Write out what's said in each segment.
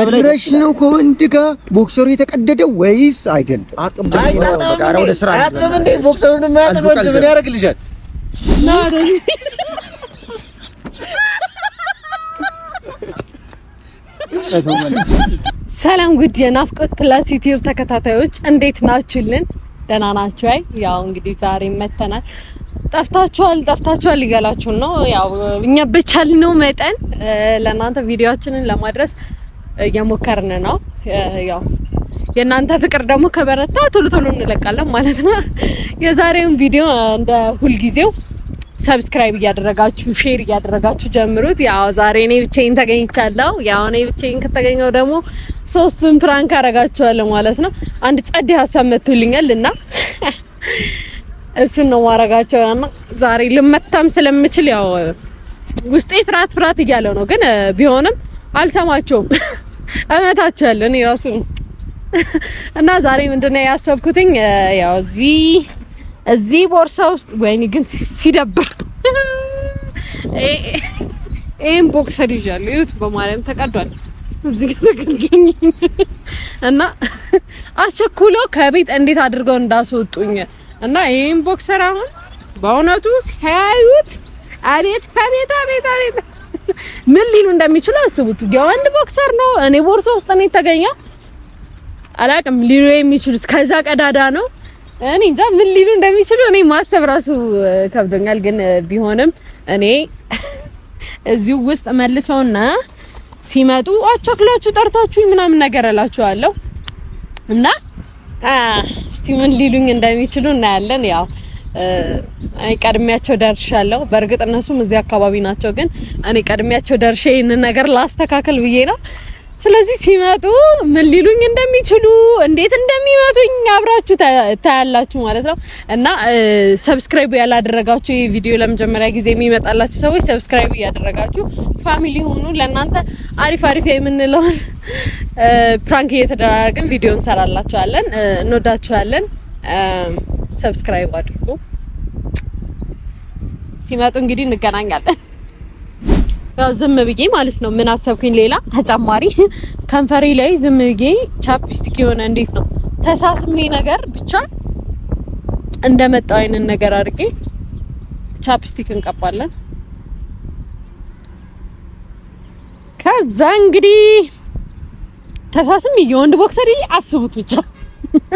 አድረሽ ነው ከወንድ ጋር ቦክሰሩ የተቀደደው ወይስ አይደለም? አቅም ሰላም ጉድ የናፍቆት ፕላስ ዩቲዩብ ተከታታዮች እንዴት ናችሁልን? ደህና ናችሁ? አይ ያው እንግዲህ ዛሬ መተናል። ጠፍታችኋል ጠፍታችኋል እያላችሁን ነው። ያው እኛ በቻልነው መጠን ለእናንተ ቪዲዮችንን ለማድረስ እየሞከርን ነው። ያው የእናንተ ፍቅር ደግሞ ከበረታ ቶሎ ቶሎ እንለቃለን ማለት ነው። የዛሬውን ቪዲዮ እንደ ሁልጊዜው ሰብስክራይብ እያደረጋችሁ ሼር እያደረጋችሁ ጀምሩት። ያው ዛሬ እኔ ብቻዬን ተገኝቻለሁ። ያው እኔ ብቻዬን ከተገኘው ደግሞ ሶስቱን ፕራንክ አረጋችኋለሁ ማለት ነው። አንድ ጸዴ ሀሳብ መጥቶልኛል እና እሱን ነው ማረጋቸው እና ዛሬ ልመታም ስለምችል ያው ውስጤ ፍርሃት ፍርሃት እያለው ነው፣ ግን ቢሆንም አልሰማቸውም። እመታችኋለሁ እኔ ራሱ እና ዛሬ ምንድነው ያሰብኩትኝ ያው እዚህ እዚህ ቦርሳ ውስጥ ወይኔ ግን ሲደብር ይሄን ቦክሰር ይዣለሁ። ይሁት በማርያም ተቀዷል። እዚህ ጋር እና አስቸኩሎ ከቤት እንዴት አድርገው እንዳስወጡኝ እና ይሄን ቦክሰር አሁን በእውነቱ ሲያዩት አቤት ከቤት አቤት አቤት ምን ሊሉ እንደሚችሉ አስቡት። የወንድ ቦክሰር ነው። እኔ ቦርሳ ውስጥ ነው የተገኘው። አላቅም ሊሉ የሚችሉት ከዛ ቀዳዳ ነው። እኔ እንጃ ምን ሊሉ እንደሚችሉ እኔ ማሰብ ራሱ ከብዶኛል። ግን ቢሆንም እኔ እዚሁ ውስጥ መልሰውና ሲመጡ አቻክላችሁ ጠርታችሁ ምናምን ነገር እላችኋለሁ እና እስቲ ምን ሊሉኝ እንደሚችሉ እናያለን ያው እኔ ቀድሚያቸው ደርሻለሁ። በእርግጥ እነሱም እዚህ አካባቢ ናቸው፣ ግን እኔ ቀድሚያቸው ደርሼ ይህንን ነገር ላስተካከል ብዬ ነው። ስለዚህ ሲመጡ ምን ሊሉኝ እንደሚችሉ እንዴት እንደሚመጡኝ አብራችሁ ታያላችሁ ማለት ነው። እና ሰብስክራይብ ያላደረጋችሁ ይህ ቪዲዮ ለመጀመሪያ ጊዜ የሚመጣላችሁ ሰዎች ሰብስክራይብ እያደረጋችሁ ፋሚሊ ሆኑ። ለእናንተ አሪፍ አሪፍ የምንለውን ፕራንክ እየተደራረግን ቪዲዮ እንሰራላችኋለን። እንወዳችኋለን። ሰብስክራይብ አድርጉ። ሲመጡ እንግዲህ እንገናኛለን። ያው ዝም ብዬ ማለት ነው ምን አሰብኩኝ ሌላ ተጨማሪ ከንፈሬ ላይ ዝም ብዬ ቻፕስቲክ የሆነ እንዴት ነው ተሳስሜ ነገር ብቻ እንደመጣው አይነት ነገር አድርጌ ቻፕስቲክ እንቀባለን። ከዛ እንግዲህ ተሳስሜ የወንድ ቦክሰሪ አስቡት ብቻ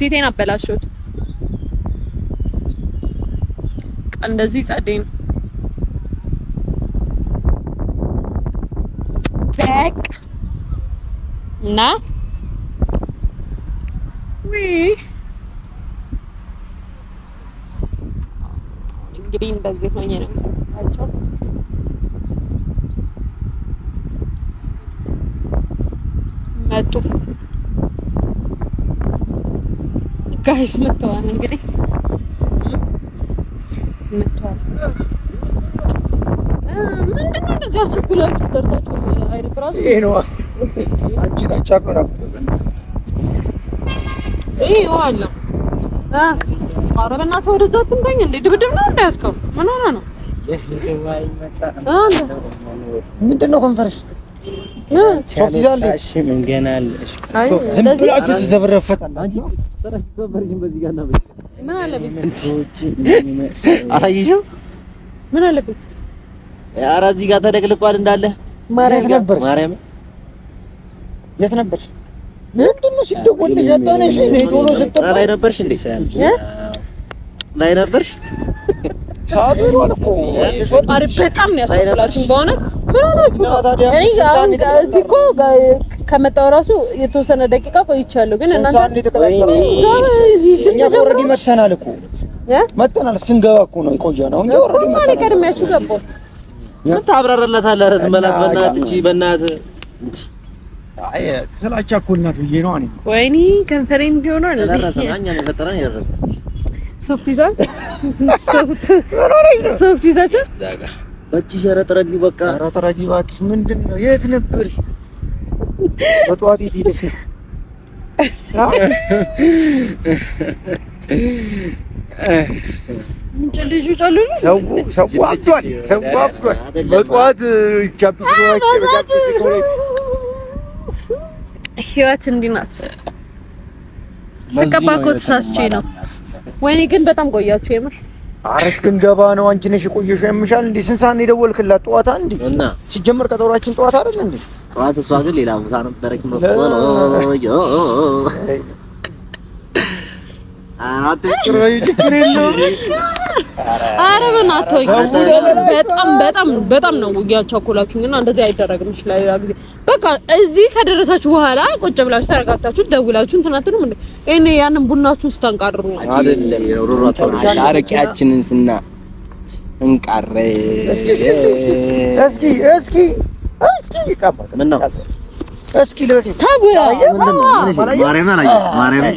ፊቴን አበላሽሁት። እንደዚህ ጸዴ ነው። በቅ እና እንግዲህ እንደዚህ ሆኜ ነው መጡ። ጋይስ መጥተዋል። እንግዲህ መጥተዋል። ምንድን ነው እንደዚህ አስቸኩላችሁ ይሄ ነው አንቺ ይሄ ኧረ በእናትህ ወደዛ ድብድብ ነው ምን ነው ምንድን ነው ኮንፈረንስ ሶፍት ይዛለች። እሺ ምን ገና አለ። ዝም ብሎ አጭር አላየሽም? ምን አለበት? ኧረ እዚህ ጋር ተደቅልቋል እንዳለ። የት ነበር? ማርያም የት ነበር? ምንድን ነው ሲደወልልሽ አጣነሽ? እኔ ቶሎ ስትባይ ላይ ነበርሽ እንዴ? ላይ ነበርሽ ሰዓት ሆኗል በጣም ነው ያስቸኩላችሁ። የተወሰነ ደቂቃ ቆይቻለሁ፣ ግን እናንተ ኦልሬዲ መተናል እኮ መተናል። እስክንገባ እኮ ነው የቆየነው እንጂ ኦልሬዲ መተናል። ቀድሜያችሁ ገባሁ። ታብራራላታለህ? ኧረ በእናትህ እንጂ በእናትህ አይ ስላቻኮልናት ብዬሽ ነው። ወይኔ ከንፈሬን ቢሆን ነው ሶፍት ይዛል። ሶፍት ይዛችሁ በጭሽ ኧረ ተረጊ በቃ ኧረ እባክሽ። ምንድን ነው የት ነበር? በጠዋት የት ሄደሽ ነው? ሰው በጠዋት ህይወት እንዲህ ናት። ስቀባ ተሳስቼ ነው። ወይኔ ግን በጣም ቆያችሁ የምር። ኧረ እስክንገባ ነው። አንቺ ነሽ የቆየሽው። ያምሻል እንዴ? ስንት ሰዓት ነው የደወልክላት? ጠዋታ እንዴ? ሲጀመር ቀጠሯችን ጠዋት አይደል እንዴ? ጠዋት እሷ ግን ሌላ ቦታ ነበረች። አረ በእናትህ በጣም በጣም በጣም ነው ያቻኮላችሁኝ እና እንደዚህ አይደረግም። እሺ ሌላ ጊዜ በቃ እዚህ ከደረሳችሁ በኋላ ቁጭ ብላችሁ ተረጋግታችሁ ደውላችሁ እንትን አትሉም እንዴ? እኔ ያንን ቡናችሁን ስታንቃርሩ አረቂያችንን ስና እንቃረ እስኪ እስኪ እስኪ እስኪ ምን ነው እስኪ ለዚህ ታጉያ ማርያም ማርያም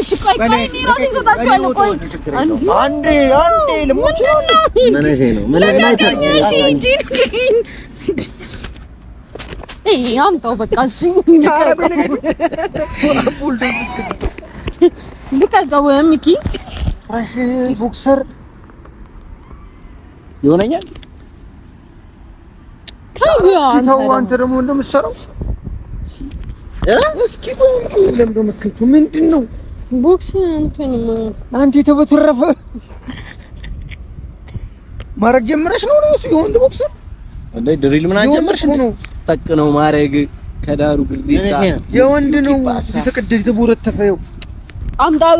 እሺ ቆይ ቆይ እኔ ራሴ እሰጣቸዋለሁ። ቆይ አንዴ አንዴ ልሞች ነው አምጣው በቃ እሺ ልቀቀው ሚኪ ቦክሰር ይሆነኛል። አንተ ደግሞ እንደምትሰራው እስኪ ምንድን ነው ቦክስ እንትን አንተ ተው፣ ማድረግ ጀምረሽ ነው ነው እሱ የወንድ ቦክስ እንዴ? ድሪል ምን አጀምረሽ ነው ጠቅ ነው ማድረግ ከዳሩ ግሪሳ የወንድ ነው የተቀደደ የተቦረተፈ ይኸው አምጣው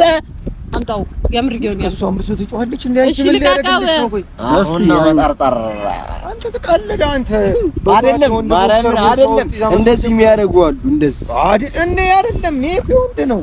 አምጣው የምር ጊዮን ያሱ አምብሶ ትጮሃለች። እንዴ አንቺ ምን ያደርግልሽ ነው? ቆይ እስቲ መጠርጠር አንተ ተቀለደ አንተ አይደለም ማረም አይደለም እንደዚህ የሚያደርጉ አሉ። እንደዚህ አይደለም እኔ አይደለም ይሄ ነው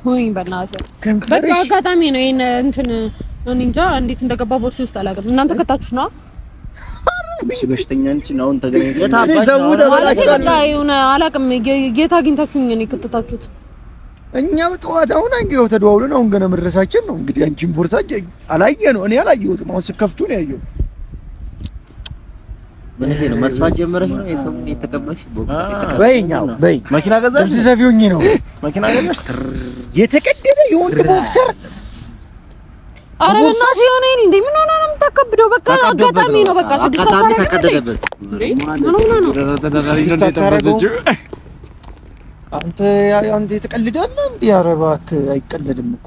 ተወኝ በእናትህ። በቃ አጋጣሚ ነው። ይሄን እንትን እኔ እንጃ እንዴት እንደገባ ቦርሴ ውስጥ አላውቅም። እናንተ ከታችሁ ነው በሽተኛ አሁን የሆነ አላውቅም። ጌታ አግኝታችሁኝ ነው የከተታችሁት። እኛ ጠዋት አሁን አንገው ተደዋውለን አሁን ገና መድረሳችን ነው። እንግዲህ አንቺን ቦርሳ አላየ ነው እኔ አላየሁትም። አሁን ስከፍቱ ነው ያየሁት ምን ነው? መስፋት ጀመረሽ ነው? የሰው የተቀበልሽ ቦክስ በይኛው በይ መኪና ገዛሽ? ልብስ ነው መኪና ገዛሽ? የተቀደደ የወንድ ቦክሰር። ኧረ በእናትህ የሆነ እንዴ! ምን ሆነ ነው የምታከብደው? በቃ አጋጣሚ ነው። በቃ ስድስት ተቀደደበት። ምን ሆነ ነው አንተ አንተ ትቀልዳለህ እንዴ? እባክህ አይቀለድም እኮ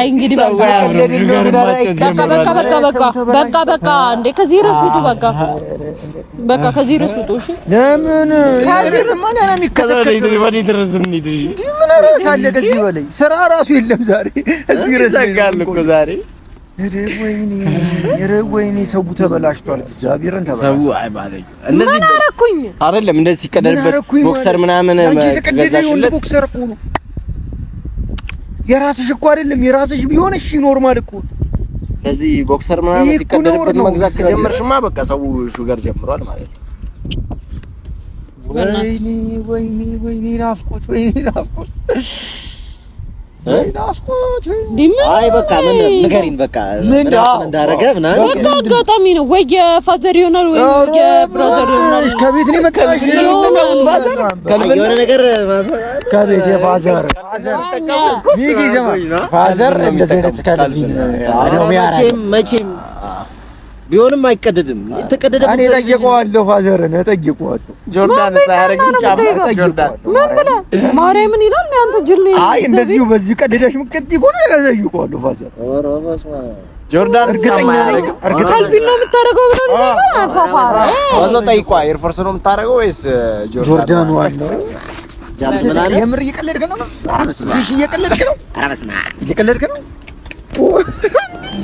እንግዲህ በቃ በቃ እንዴ ከዚህ እኮ ዛሬ የራስሽ እኮ አይደለም። የራስሽ ቢሆን እሺ ኖርማል እኮ ለዚህ ቦክሰር ምናምን ሲቀደድብን መግዛት ከጀመርሽማ በቃ ሰው ሹገር ጀምሯል ማለት ነው። ወይኔ ወይኔ ወይኔ ናፍቆት ወይኔ ናፍቆት አይ በቃ ምን ንገሪን፣ በቃ ምን እንዳደረገ ምናምን በቃ አጋጣሚ ነው ወይ የፋዘር ይሆናል ወይ የብራዘር ይሆናል። ከቤት ነው መቀበል የሆነ ነገር ከቤት የፋዘር ፋዘር እንደዚህ አይነት መቼም ቢሆንም አይቀደድም። የተቀደደ እኔ ጠየቀዋለሁ፣ ፋዘርን ጠየቀዋለሁ። ጆርዳን ሳያረግም ጫማ ጠየቀዋለሁ። ምን ብለ ማርያምን ይላል ያንተ ጅል። አይ እንደዚሁ በዚህ ቀደደሽ ምቀጥ ይቆነ ጠየቀዋለሁ። ፋዘር ጆርዳን እርግጠኛ ነኝ እርግጠኛ ነው ብሎ ነው አፋፋራ ጠይቋ። ኤርፎርስ ነው የምታረገው ወይስ ጆርዳን ዋለው? የምር እየቀለድክ ነው? ፊሽ እየቀለድክ ነው? እየቀለድክ ነው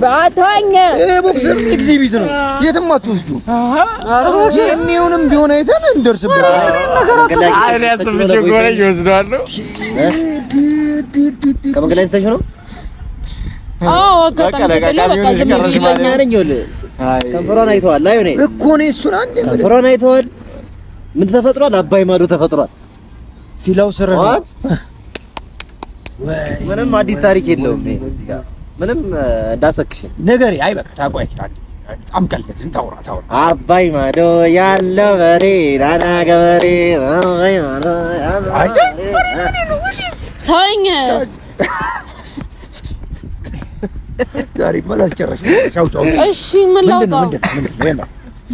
ባታኛ ይሄ ቦክሰር ኤግዚቢት ነው፣ የትም አትወስዱ። የኔውንም ቢሆን አይተን እንደርስበት። ከመንገድ ከንፈሯን አይተዋል። ምን ተፈጥሯል? አባይ ማዶ ተፈጥሯል። ፊላው ስር ምንም አዲስ ታሪክ የለውም። ምንም እንዳሰክሽ ነገር አይ በቃ ታቆይ በጣም ቀለድን። ታውራ ታውራ አባይ ማዶ ያለ በሬ ዳና ገበሬ አባይ ማዶ ያለ ታውኝ ዛሬ ማዛስ ጨረሽ ሻውጣው እሺ ምን ላውጣው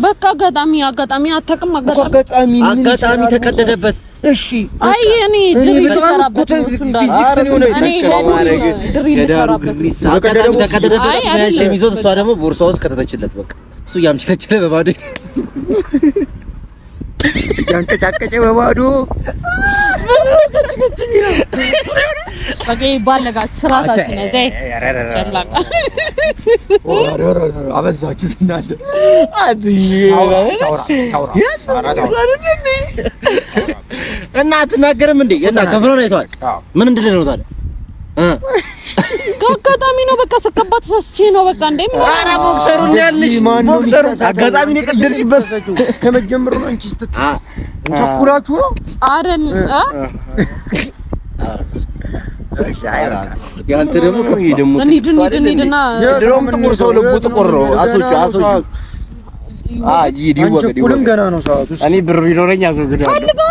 በቃ አጋጣሚ አጋጣሚ አታውቅም። አጋጣሚ አጋጣሚ ተቀደደበት። እሺ አይ እኔ ድሪል ልሰራበት ነው እንዳለ እኔ ያንቀጫቀጨ በባዶ ይባለጋችሁ ስራታችሁ አበዛችሁት እናንተ እና አትናገርም እንዴ? ከፍሎ ነው አይተዋል። ምን እንድልህ ነው ታዲያ? አጋጣሚ ነው በቃ ስከባት ተሰስቼ ነው በቃ እንደ ምን ኧረ ቦክሰሩን ያልሽ ቦክሰሩ አጋጣሚ ነው የቀደድሽበት ከመጀመሩ ነው እንጂ ስትት ቸኩላችሁ ነው አይደል አ ያንተ ደግሞ ደግሞ እንሂድ እንሂድ ጥቁር ሰው ልቡ ጥቁር ነው አሶቹ አሶቹ አይ ገና ነው ሰዓቱ እኔ ብር ቢኖረኝ ፈልገው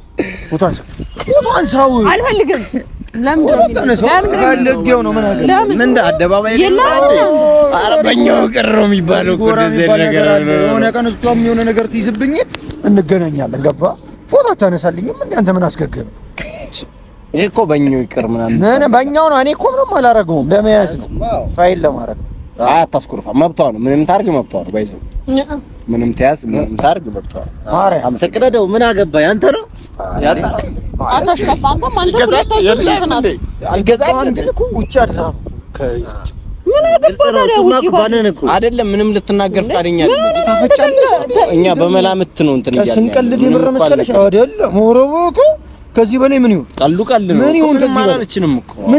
ፎቶን ሰው አልፈልግም። ለምን ምን አገር ምን አደባባይ የሆነ ነገር ትይዝብኝ እንገናኛለን። ገባ ፎቶ አታነሳልኝም? እንደ አንተ ምን አስገገም እኔ እኮ በእኛው ይቅር ምናምን በእኛው ነው። እኔ እኮ ምንም አላረገውም። ለመያዝ ነው ፋይል ለማድረግ አታስኩርፋ። መብቷ ነው። ምንም ታርግ መብቷ ነው። ባይዘው ምንም ተያዝ ምንም ታርግ መብቷል። ምን አገባኝ? አንተ ነው አይደለም ምንም ልትናገር ፈቃደኛ እኛ በመላምት ነው እንትን ስንቀልድ የምር መሰለሽ አይደለም። ከዚህ በላይ ምን ይሁን? ቀልዱ ቀልድ ነው። ምን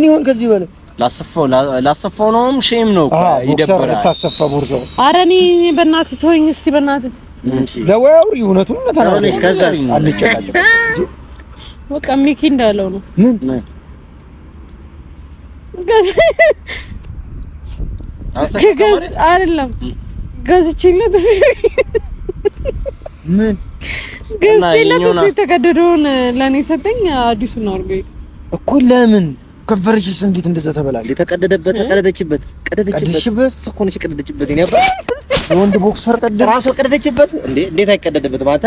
ይሁን ከዚህ በላይ ላሰፋው ላሰፋው ነውም ሼም ነው ይደብራል። ታሰፋ ቦርሳ እኔ በእናትህ ተወኝ እስቲ በእናትህ እውነቱን ተናገር። ከዛ አንጨቃጨቅ በቃ ሚኪ እንዳለው ነው። ምን ገዝ አይደለም ገዝቼለት ምን ገዝቼለት ለእኔ ሰጠኝ። አዲሱን አድርገኝ እኮ ለምን ከንፈርሽስ እንዴት እንደዛ ተበላል? የተቀደደበት ተቀደደችበት፣ ቀደደችበት። ሰው እኮ ነች የቀደደችበት። ወንድ ቦክሰር ቀደደ፣ ራሱ ቀደደችበት። እንዴ እንዴት አይቀደድበትም አንተ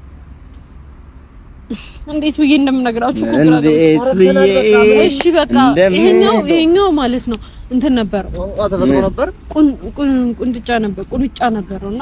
እንዴት ብዬ እንደምነግራችሁ እንዴት ብዬ እሺ፣ በቃ ይሄኛው ይሄኛው ማለት ነው እንትን ነበር ቁንጫ ነበር ቁንጫ ነበረውና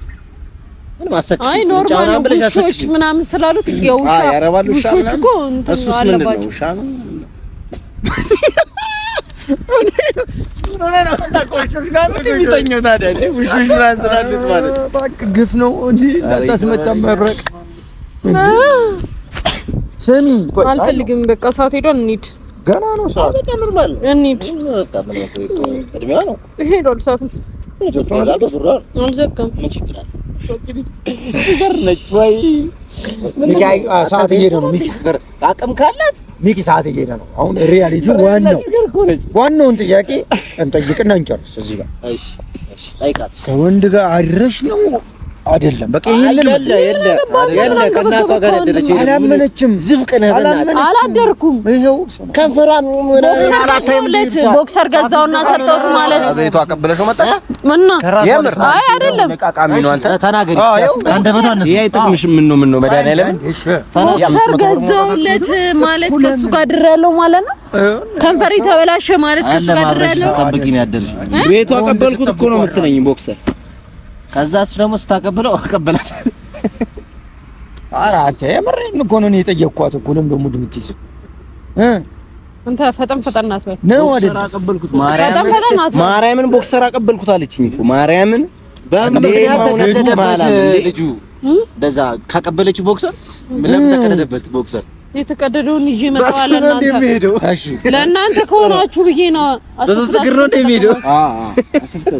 አይ ኖርማል ነው። ውሾች ምናምን ስላሉት ውሾች እኮ እንትን አለባቸው። ግፍ ነው እንዲህ እንዳታስመጣ መብረቅ። ስሚ አልፈልግም፣ በቃ ሰዓት ሄዷል፣ እንሂድ። ገና ነው ሰዓት ኖርማል እንሂድ። እድሜዋ ነው ሄዷል፣ ሰዓቱ አልዘጋም። ነገር ነች ወይ? ሰዓት እየሄደ ነው። ሚኪ አቅም ካላት ሚኪ ሰዓት እየሄደ ነው። አሁን ሪያሊቲ ዋናው ዋናውን ጥያቄ እንጠይቅና እንጨርስ። እዚህ ጋር ከወንድ ጋር አድረሽ ነው አይደለም በቃ ይሄንን ያለ ከእናቷ ጋር ደረጀ አላመነችም። ዝፍቅ ነህ አላደርኩም። ይሄው ከንፈሯ ቦክሰር ገዛውና ሰጠሁት ማለት ቤቱ አቀብለሽው መጣሽ። አይ አይደለም ቦክሰር ገዛውለት ማለት ከሱ ጋር ድር ማለት ነው። ከንፈሬ ተበላሸ ማለት ከሱ ጋር ድር ቤቱ አቀበልኩት እኮ ነው የምትለኝ ቦክሰር ከዛ እሱ ደግሞ ስታቀብለው አቀበላት። ኧረ አንተ የምሬን እኮ ነው የጠየቅኳት እኮ ለምን ደግሞ ድምፅ ይዘው እ እንተ ፈጠን ፈጠን ወይ ነው አይደል? አቀበልኩት። ማርያምን ቦክሰር አቀበልኩት አለችኝ እኮ ማርያምን ልጁ እንደዛ ካቀበለችው ቦክሰር ምንም ተቀደደበት ቦክሰር የተቀደደውን ይዤ መጣዋለሁ። እናንተ እሺ፣ ለእናንተ ከሆናችሁ ብዬ ነው። አስተስተግሮ ነው የሚሄደው። አዎ አዎ፣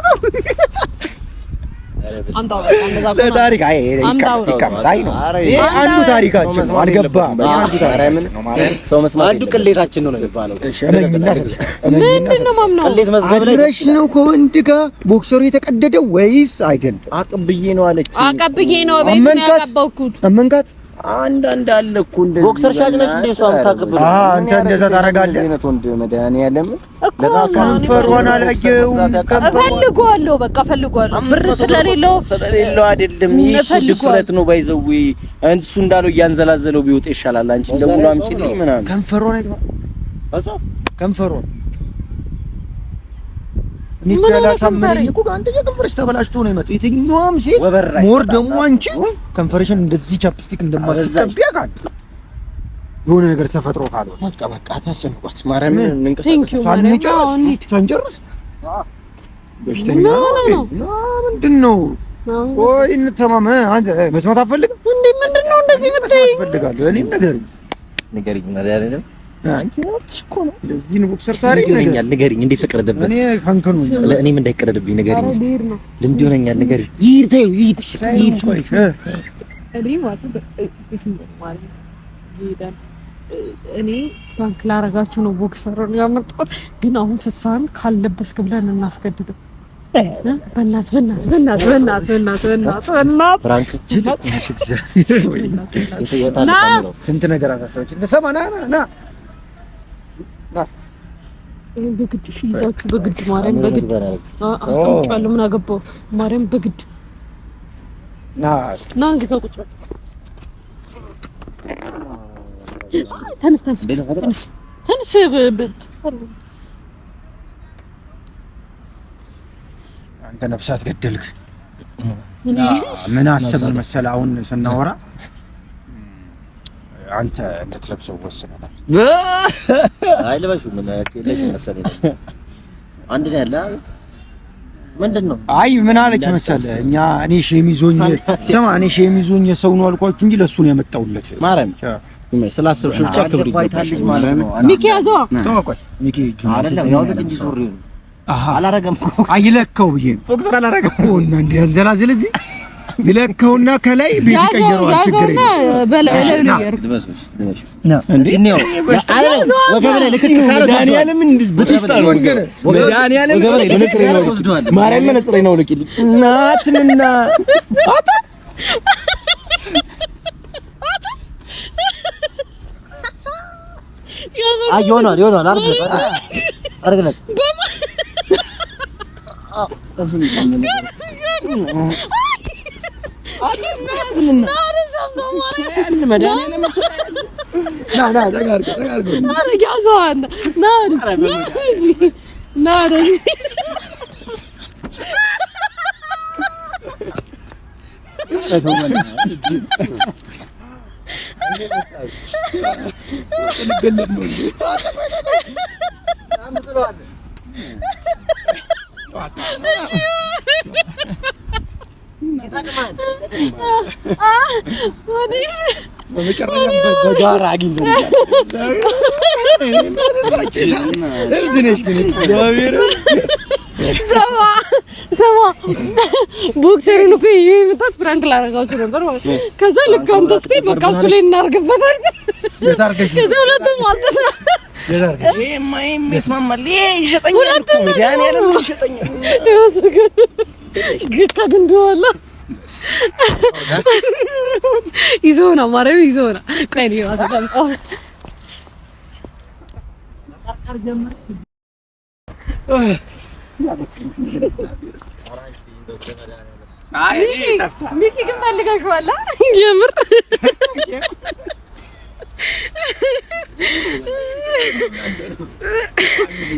አምጣው በቃ ነው። አይ ይቀመጥ። ነው አንዱ ታሪካችን ነው። አልገባህም? አንዱ ሰው መስማት አንዱ ቅሌታችን ነው የሚባለው። እሺ እመኝና ምንድን ነው ቅሌት መዝገብ ላይ አድረሽ ነው ከወንድ ጋር ቦክሰሩ የተቀደደው ወይስ ነው አለች። ነው ቤት ነው አንዳንድ አለ እኮ እንደዚህ ቦክሰር ሻጭ ነሽ እንዴ? እሷም ታከብሩ። አ አንተ እንደዛ ታደርጋለህ። እነት ወንድ መድኃኒዓለም ከንፈር ሆና ላየው እፈልገዋለሁ። በቃ እፈልገዋለሁ። ብር ስለሌለው ስለሌለው አይደለም። ይሄ ድፍረት ነው። ባይዘው እንሱ እንዳለው እያንዘላዘለው ቢወጣ ይሻላል። አንቺ ደግሞ አምጪልኝ ምናምን ከንፈር ሆና አዛ ሆና ላሳመነኝ እኮ አንደኛ ከንፈርሽ ተበላሽቶ ነው የመጣው። የትኛውም ሴት ሞር ደግሞ አንቺ ከንፈርሽን እንደዚህ ቻፕስቲክ እንደማትቀቢ አውቃለሁ። የሆነ ነገር ተፈጥሮ ካልሆነ በቃ በቃ ታሰንቋት ማርያምን እንንቀሳቀስ ሳንጨርስ በሽተኛ ምንድን ነው? ቆይ እንተማመ አንተ መስማት አትፈልግም እንዴ? ምንድን ነው እንደዚህ የምትይኝ? እኔም ነገር ንገሪኝ እኔ ፕራንክ ላረጋችሁ ነው ቦክሰሩን ያመጣሁት፣ ግን አሁን ፍሳህን ካልለበስክ ብለን እናስገድደው። በእናት በእናት በእናት በእናት በእናት በእናት በእናት ስንት ነገር አሳሳዎች እንሰማና ና በግድ ይዛችሁ በግድ ማርያም በግድ አስቀምጫለሁ። ምን አገባው ማርያም በግድ ና እዚህ ጋር ቁጭ ተነስ ተነስ ተነስ። አንተ ነፍሳት ገደልክ። ምን አሰብን መሰለህ አሁን ስናወራ አንተ እንድትለብሰው ወስነናል። አይ ልበሹ ምን ያለሽ መሰለኝ አንድ ነው ያለ ምንድን ነው? አይ ምን አለች መሰለህ እኛ እኔ ሸሚዞኝ ስማ፣ እኔ ሸሚዞኝ ሰው ነው አልኳችሁ እንጂ ለሱ ነው ያመጣሁለት። ማርያም ስላሰብሽ ብቻ ክብር ይታይታለሽ ማለት ነው። ሚኪ ያዘው ሚኪ ፎክስ አንዘላ ስለዚህ ይለካውና ከላይ ቤት ይቀየረዋል። ችግር የለም። ነው በመጨረሻ በጋራ አግኝተው ሰማ ሰማ ቦክሰሩን እኮ ይዤ የመጣሁት ፍራንክ ላደርጋችሁ ነበር ማለት ነው። ከዛ ልክ አንተ ስትይ በቃ እሱ ላይ እናርግበታል። ከዛ ሁለቱም ይሸጠኛል ይዞና ማረም ይዞና ቆይ ነው አታቀምጣ ሚኪ ግን ፈልጋችኋል የምር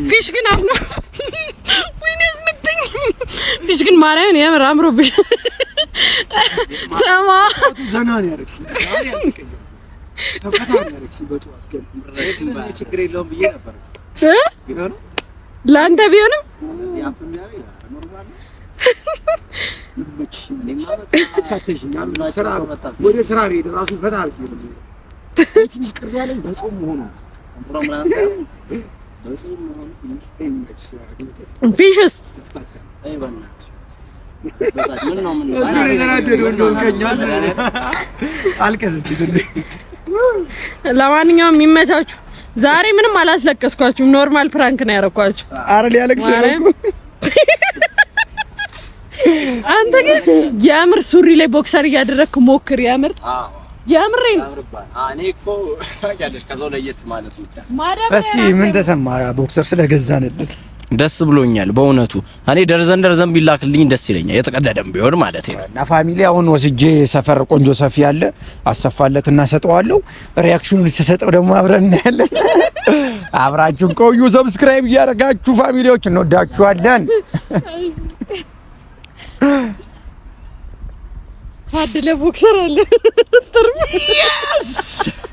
ፊሽ ግን ፊሽ ግን ማርያምን የምር አምሮብሻል ለአንተ ቢሆንም ወደ ስራ ቤት እራሱ ፈታ ትንሽ ቅር ያለኝ በጾም መሆኑ ፊሽስ ለማንኛውም የሚመቻችሁ ዛሬ ምንም አላስለቀስኳችሁም። ኖርማል ፕራንክ ነው ያደረኳችሁ። አረ ሊያለቅስ አንተ ግን የምር ሱሪ ላይ ቦክሰር እያደረግክ ሞክር። የምር የምሬን። ነው። እስኪ ምን ተሰማ ቦክሰር ስለገዛንልህ ደስ ብሎኛል በእውነቱ እኔ ደርዘን ደርዘን ቢላክልኝ ደስ ይለኛል። የተቀደደም ቢሆን ማለት ነው። እና ፋሚሊ አሁን ወስጄ ሰፈር ቆንጆ ሰፊ ያለ አሰፋለት እና ሰጠዋለሁ። ሪያክሽኑን ሲሰጠው ደግሞ አብረን እናያለን። አብራችሁን ቆዩ። ሰብስክራይብ እያደረጋችሁ ፋሚሊዎች እንወዳችኋለን። ታድለ ቦክሰር አለ